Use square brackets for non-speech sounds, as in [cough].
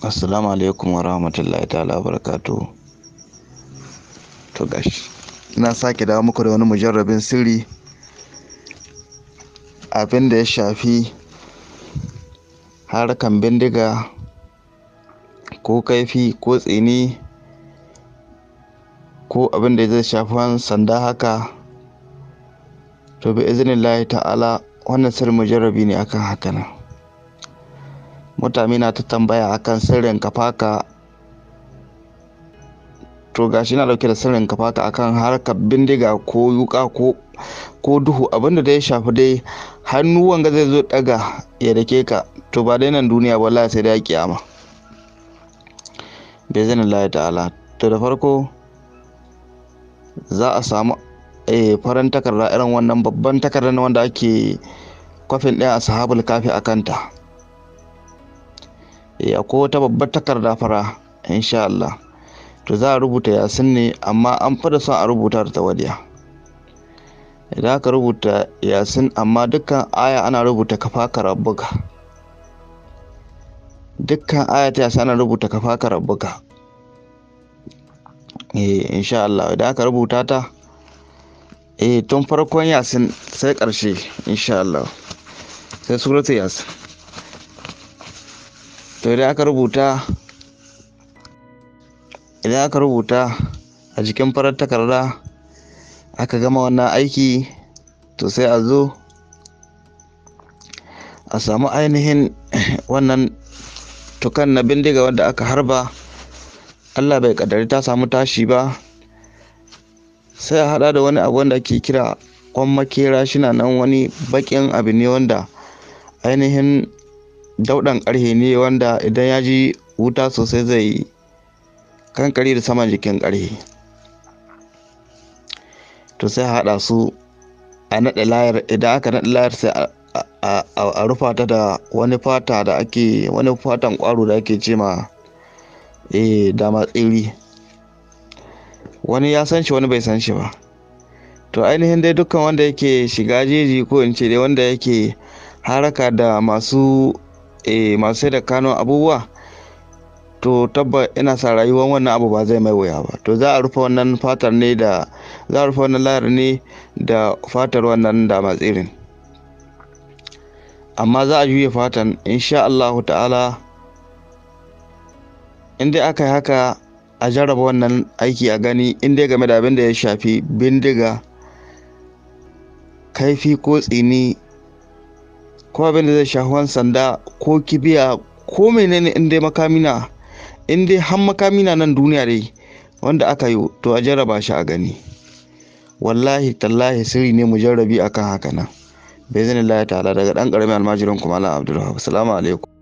assalamu alaikum wa rahmatullahi ta'ala barakatu to gashi ina sake dawo muku da wani mujarrabin sirri abin da ya shafi harkan bindiga ko kaifi ko tsini ko abin da zai shafi sanda haka to bi izinin ta'ala wannan sirri mujarrabi ne akan haka nan mutane na ta tambaya akan sirrin kafaka to ga shi na dauke da sirrin kafaka akan harkar bindiga ko yuka ko duhu abinda da ya shafi dai hannu wanga zai zo daga ya dake ka to ba dai nan duniya wallahi sai dai kiyama bai zan Allah ta'ala to da farko za a samu eh faran takarda irin wannan babban takarda wanda ake kwafin ɗaya a sahabul kafi a kanta Eh, akwai wata babbar takarda fara insha Allah to za a rubuta yasin ne amma an fada son a rubuta da wadiya idan aka rubuta yasin amma dukkan aya ana rubuta kafa karabbuka dukkan aya ta yasin ana rubuta kafa karabbuka eh insha Allah idan aka rubuta ta eh tun farkon yasin sai ƙarshe insha Allah sai suratul yasin idan aka rubuta idan aka rubuta a jikin farar takarda aka gama wannan aiki to sai a zo a samu ainihin [clears throat] wannan tukan na bindiga wanda aka harba allah bai kadari ta samu tashi ba sai a hada da wani abu wanda ake kira kwan makera shi na nan wani bakin abu ne wanda ainihin dauɗan karhe ne wanda idan ya ji wuta sosai zai yi kankari da saman jikin karhe to sai a haɗa su a naɗa layar idan aka naɗa layar sai a rufa ta da wani fata da ake wani fatan ƙwaro da ake ce ma eh dama tsiri wani ya san shi wani bai san shi ba to ainihin dai dukkan wanda yake shiga jeji ko in ce dai wanda yake haraka da masu eh masu sai da kano abubuwa to tabba ina sa rayuwar wannan abu ba zai mai wuya ba to za a rufe wannan fatar ne da za a rufe wannan layar ne da fatar wannan da matsirin amma za a juye fatan insha Allah ta'ala in aka yi haka a jarraba wannan aiki a gani in game da abin da ya shafi bindiga kaifi ko tsini ko abin da zai shafi sanda ko kibiya ko menene in dai makamina in dai har makamina nan duniya dai wanda aka yi to a jarraba shi a gani wallahi tallahi sirri ne mu jarrabi akan haka nan bai zan Allah ta'ala daga dan karamin almajirin kuma Allah Abdulrahman assalamu alaikum